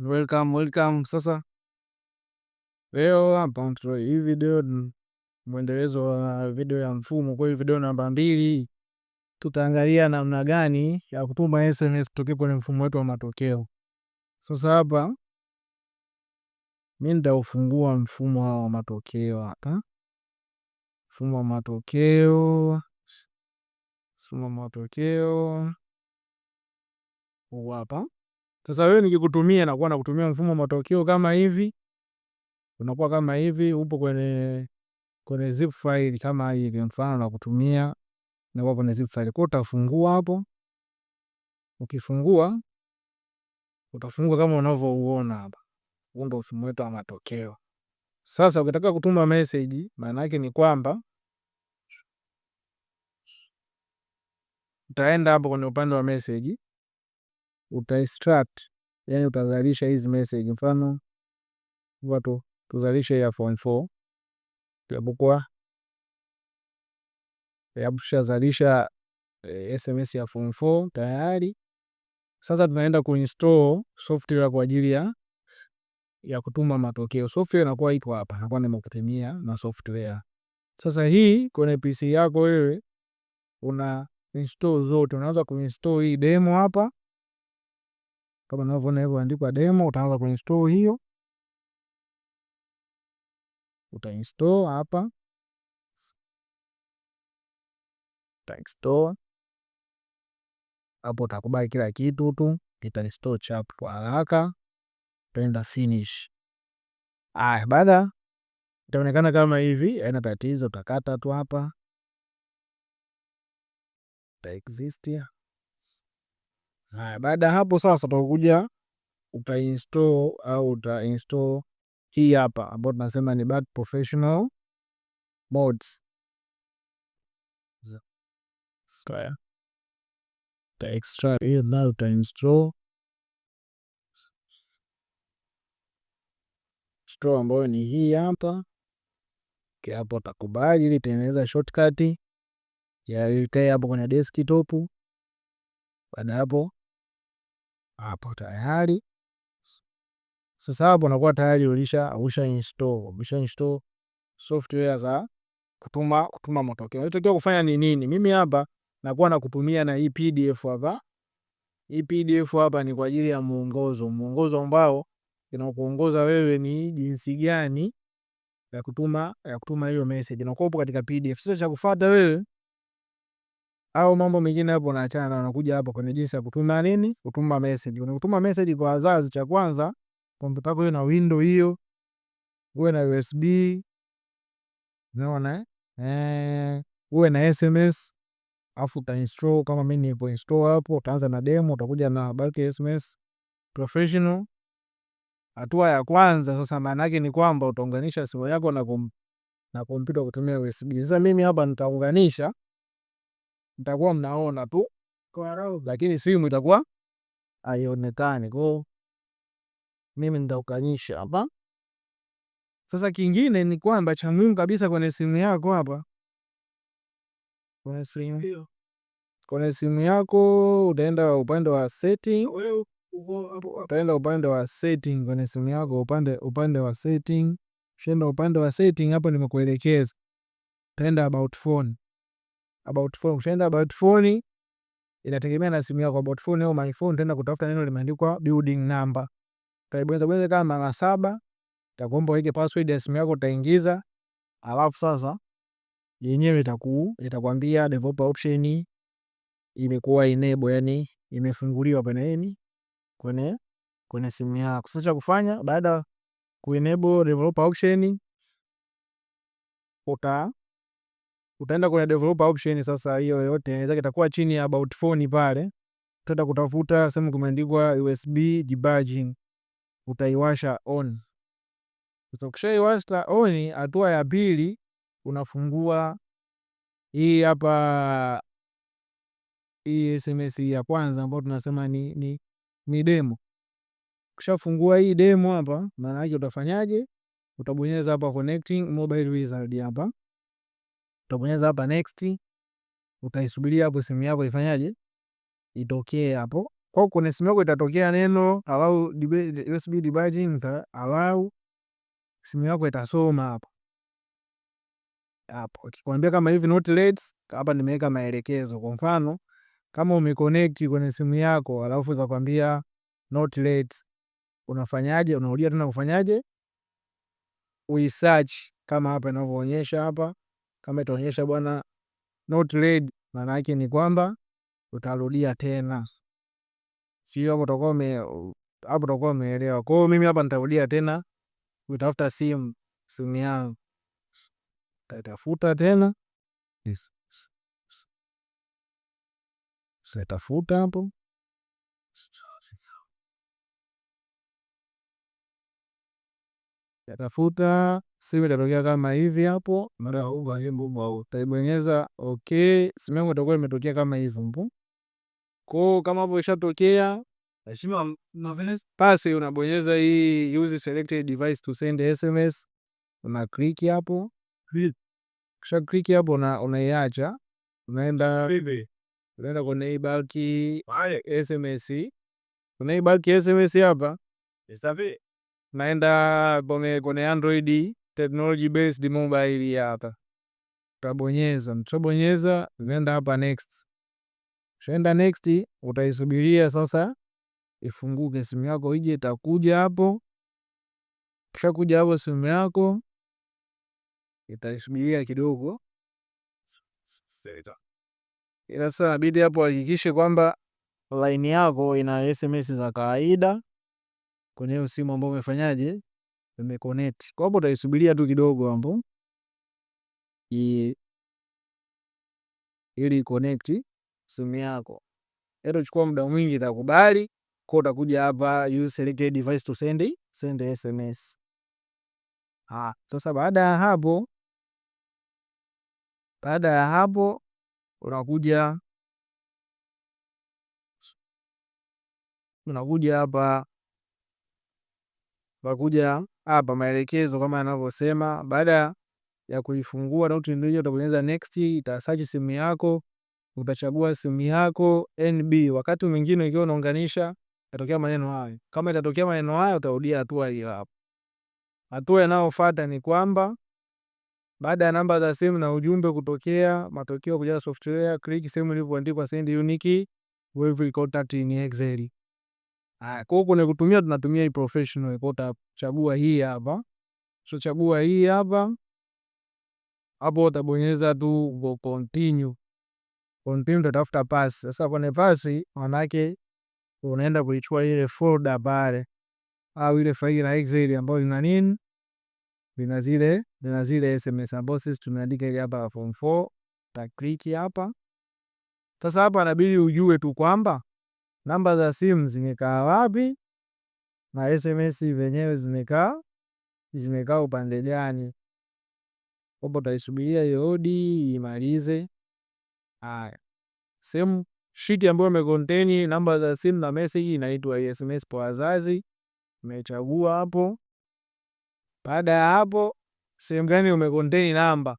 Welcome welcome. Sasa leo hapa hii video mwendelezo wa video ya mfumo. Kwa hiyo video namba mbili tutaangalia namna gani ya kutuma SMS kutoka kwenye mfumo wetu wa matokeo. Sasa hapa mi nitaufungua mfumo wa matokeo hapa, mfumo wa matokeo, mfumo wa matokeo huu hapa sasa wewe nikikutumia nakuwa nakutumia mfumo matokeo kama hivi, unakuwa kama hivi, upo kwenye kwenye zip file kama hivi, mfano na kutumia na nakuwa kwenye zip file kwa, utafungua hapo. Ukifungua utafungua kama unavyouona hapa, huo ndio mfumo wetu wa matokeo. Sasa ukitaka kutuma message, maana yake ni kwamba utaenda hapo kwenye upande wa message uta extract yani utazalisha hizi message. Mfano watu tuzalishe ya form 4 japokuwa yabushazalisha e, eh, sms ya form 4 tayari. Sasa tunaenda kuinstall software kwa ajili ya ya kutuma matokeo. Software inakuwa iko hapa, nakuwa nimekutumia na software. Sasa hii kwenye PC yako wewe una install zote, unaweza kuinstall hii demo hapa kama unavyoona hivyo andikwa demo. Utaanza kuinstall hiyo, utainstall hapa, utainstall hapo, utakubali kila kitu tu, itainstall chap kwa haraka, utaenda finish. Aya, baada itaonekana kama hivi, haina tatizo, utakata tu hapa, ta exist Haya, baada ya hapo sasa utakuja utainstall au utainstall hii hapa ambayo tunasema ni Back Professional Mods. Ta extra hiyo na utainstall store ambayo ni hii hapa. Hapo utakubali ili tengeneza shortcut ya ikae hapo kwenye desktop. Baada hapo hapo tayari. Sasa hapo unakuwa tayari ulisha usha install, usha install software za kutuma kutuma matokeo. Unatakiwa kufanya ni nini? Mimi hapa nakuwa nakutumia na hii PDF hapa. Hii PDF hapa ni kwa ajili ya mwongozo, mwongozo ambao inakuongoza wewe ni jinsi gani ya kutuma ya kutuma hiyo message. Inakuwa hapo katika PDF. Sasa cha kufuata wewe au mambo mengine hapo unaachana na unakuja hapo kwenye jinsi ya kutuma nini? Kutuma message. Unatuma message kwa wazazi, cha kwanza kompyuta yako na window hiyo, uwe na USB, unaona eh, uwe na SMS, afu install kama mimi nilivyo install hapo. Utaanza na demo, utakuja na bulk SMS professional. Hatua ya kwanza sasa, maana yake ni kwamba utaunganisha simu yako na kompyuta kutumia USB. Sasa mimi hapa nitaunganisha mtakuwa mnaona tu, lakini simu itakuwa haionekani. Kwa mimi nitaukanyisha hapa. Sasa kingine ni kwamba cha muhimu kabisa kwenye simu yako hapa, kwenye simu hiyo, kwenye simu yako utaenda upande wa setting, utaenda upande wa setting kwenye simu yako, upande upande wa setting, shenda upande wa setting hapo, nimekuelekeza utaenda about phone about phone. Ukishaenda about phone, inategemea na simu yako. About phone au my phone, utaenda kutafuta neno limeandikwa building number, utaibonyeza bonyeza kama mara saba. Itakuomba uweke password ya simu yako, utaingiza, alafu sasa yenyewe itaku itakwambia developer option imekuwa enable, yani imefunguliwa pale nini, kwenye kwenye simu yako. Sasa cha kufanya baada ku enable developer option uta utaenda kwenye developer option. Sasa hiyo yote inaweza kitakuwa chini ya about phone pale, utaenda kutafuta sehemu kumeandikwa USB debugging, utaiwasha on. Sasa ukishaiwasha on, hatua ya pili unafungua hii hapa hii SMS ya kwanza ambayo tunasema ni, ni, ni demo. Ukishafungua hii demo hapa, maana yake utafanyaje? Utabonyeza hapa connecting mobile wizard hapa utabonyeza hapa next, utaisubiria hapo simu yako ifanyaje, itokee hapo kwa kwenye simu yako itatokea neno allow USB debugging, uta allow simu yako itasoma hapo hapo, ikikwambia kama hivi not rates, hapa nimeweka maelekezo. Kwa mfano kama umeconnect kwenye simu yako alafu ikakwambia not rates, unafanyaje? Unarudia tena kufanyaje? Uisearch kama hapa inavyoonyesha hapa kama itaonyesha bwana not read, maana yake ni kwamba utarudia tena, sio hapo. Utakuwa ume hapo utakuwa umeelewa. Kwa hiyo mimi hapa nitarudia tena kutafuta simu simu yangu, tafuta tena yes. Setafuta hapo yatafuta simu itatokea kama hivi hapo, mara utaibonyeza okay, simu yangu itakuwa imetokea kama hivi mbu ko kama hapo ishatokea pasi, unabonyeza hii use selected device to send SMS, una click hapo. Kisha click hapo, unaiacha unaenda unaenda kwenye hii bulk SMS, kuna hii bulk SMS hapa naenda kwenye Android technology based mobile hapa, tabonyeza mtabonyeza, nenda hapa next. Ushaenda next, utaisubiria sasa ifunguke simu yako ije, itakuja hapo. Kisha kuja hapo, simu yako itaisubiria kidogo. Sasa inabidi hapo hakikishe kwamba line yako ina SMS za kawaida kwenye hiyo simu ambayo umefanyaje umeconnect. Kwa hapo utaisubiria tu kidogo hapo ili connect simu yako. Hilo yaani chukua muda mwingi itakubali. Kwa utakuja hapa use selected device to send send SMS. Ha, sasa baada ya hapo baada ya hapo unakuja unakuja hapa Utakuja hapa maelekezo kama yanavyosema. Baada ya kuifungua na utaendelea, utabonyeza next, itasearch simu yako, utachagua simu yako NB. Wakati mwingine ukiwa unaunganisha yatokea maneno hayo. Kama itatokea maneno hayo, utarudia hatua hiyo hapo. Hatua inayofuata ni kwamba baada ya namba za simu na ujumbe kutokea, matokeo kujaza software, click sehemu ilipoandikwa send unique wave contact in Excel. Haya, kwa huko nikutumia, tunatumia hii professional. Kwa utachagua hii hapa, So chagua hii hapa hapo, utabonyeza tu go continue. Continue, utatafuta pasi. Sasa kwenye pasi, manake unaenda kuichukua ile folder pale, au ile faili la Excel ambayo ina nini, ina zile ina zile SMS ambazo sisi tumeandika ile hapa form 4. Utakliki hapa sasa. Hapa inabidi ujue tu kwamba namba za simu zimekaa wapi na SMS zenyewe zimekaa zimekaa upande gani. Hapo utaisubiria hiyo odi imalize. Haya, sehemu shiti ambayo imecontain namba za simu na meseji inaitwa SMS kwa wazazi, umechagua hapo. Baada ya hapo, sehemu gani umekonteni namba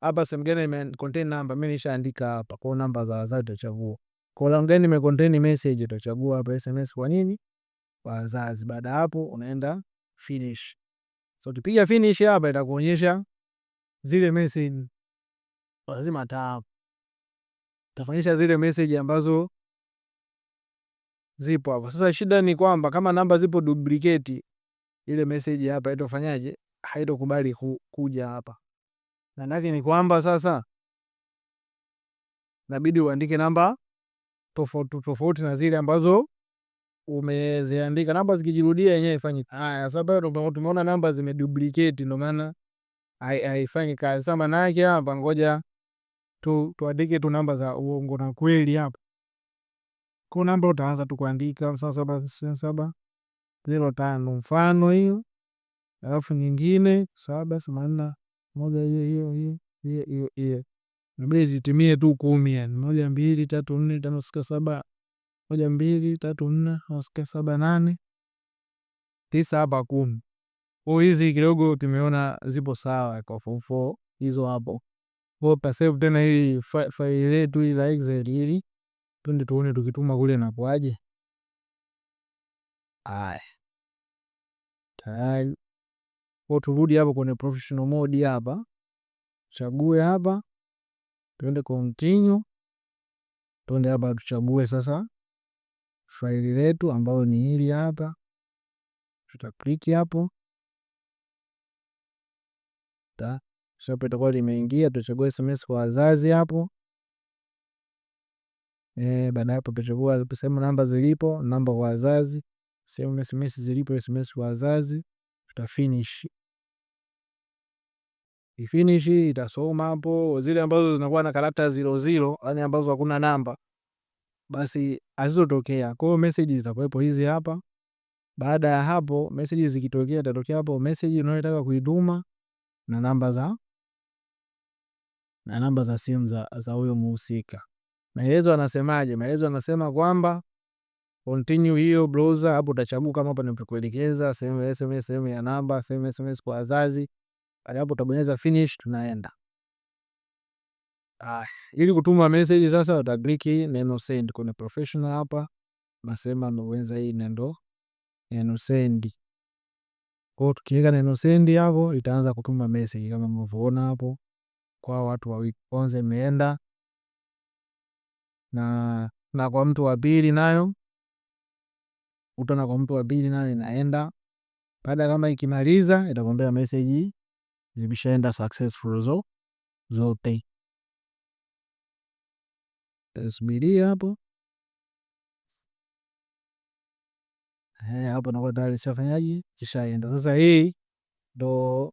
hapa, sehemu gani imekonteni namba, mimi nishaandika hapa kwa namba za wazazi utachagua kwa Column gani imecontain message, utachagua hapa SMS kwa nini? wazazi. Baada hapo unaenda finish. So ukipiga finish hapa itakuonyesha zile message. Lazima ta tafanyisha zile message ambazo zipo hapo. Sasa shida ni kwamba kama namba zipo duplicate, ile message hapa itofanyaje? Haitokubali ku, kuja hapa. Na nake ni kwamba sasa nabidi uandike namba tofauti tofauti na zile ambazo umeziandika. Namba zikijirudia yenyewe ifanye haya. Sasa ndio tumeona namba zimeduplicate, ndio maana haifanyi kazi. Sasa maana yake hapa, ngoja tu tuandike tu namba za uongo na kweli hapa. Kwa namba utaanza tu kuandika saba saba zero tano mfano hiyo, alafu nyingine saba themanini na moja hiyo hiyo hiyo hiyo hiyo nabidi zitimie tu kumi yani moja mbili tatu nne tano sita saba moja mbili tatu nne tano sita saba nane tisa hapa kumi. Kwa hizi kidogo tumeona zipo sawa kwa form four hizo hapo. Kwa hiyo pasave tena hii faili yetu hii la Excel hili twende tuone tukituma kule inakuaje. Aya, Tayari. Kwa turudi hapo kwenye professional mode hapa. Chague hapa. Tuende continue tuende hapa tuchague sasa faili letu ambalo ni hili hapa, tuta click hapo. Shapo itakuwa limeingia, tuchagua SMS kwa wazazi hapo. Eh, baada hapo tuchagua sehemu namba zilipo, namba kwa wazazi, sehemu SMS zilipo, SMS kwa wazazi, tuta finish. Ifinish itasoma hapo zile ambazo zinakuwa na karakta zero zero, yani ambazo hakuna namba, basi hazitotokea. Kwa hiyo message zitakuwepo hizi hapa. Baada ya hapo message zikitokea, itatokea hapo message unayotaka kuituma na namba za na namba za simu za za huyo muhusika. Maelezo anasemaje? Maelezo anasema kwamba continue hiyo browser hapo, utachagua kama hapa nimekuelekeza, sehemu SMS, sehemu ya namba, sehemu SMS kwa wazazi baada hapo utabonyeza finish, tunaenda ah, ili kutuma message sasa uta click neno send. Kuna professional hapa, nasema naweza hii nendo neno send. Kwa tukiweka neno send hapo itaanza kutuma message kama mnavyoona hapo kwa watu wa wiki kwanza imeenda na na kwa mtu wa pili nayo utaona kwa mtu wa pili nayo inaenda. Baada kama ikimaliza itakwambia message zimeshaenda successful zo zote. Subiria hapo hapo, nakuwa tayari shafanyaji zishaenda. Sasa hii ndo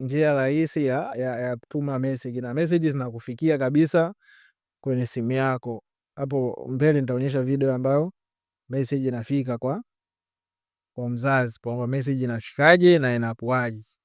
njia rahisi ya, ya, ya kutuma message na message zinakufikia kabisa kwenye simu yako. Hapo mbele nitaonyesha video ambayo message inafika kwa kwa mzazi kwamba message inafikaje na inapuaji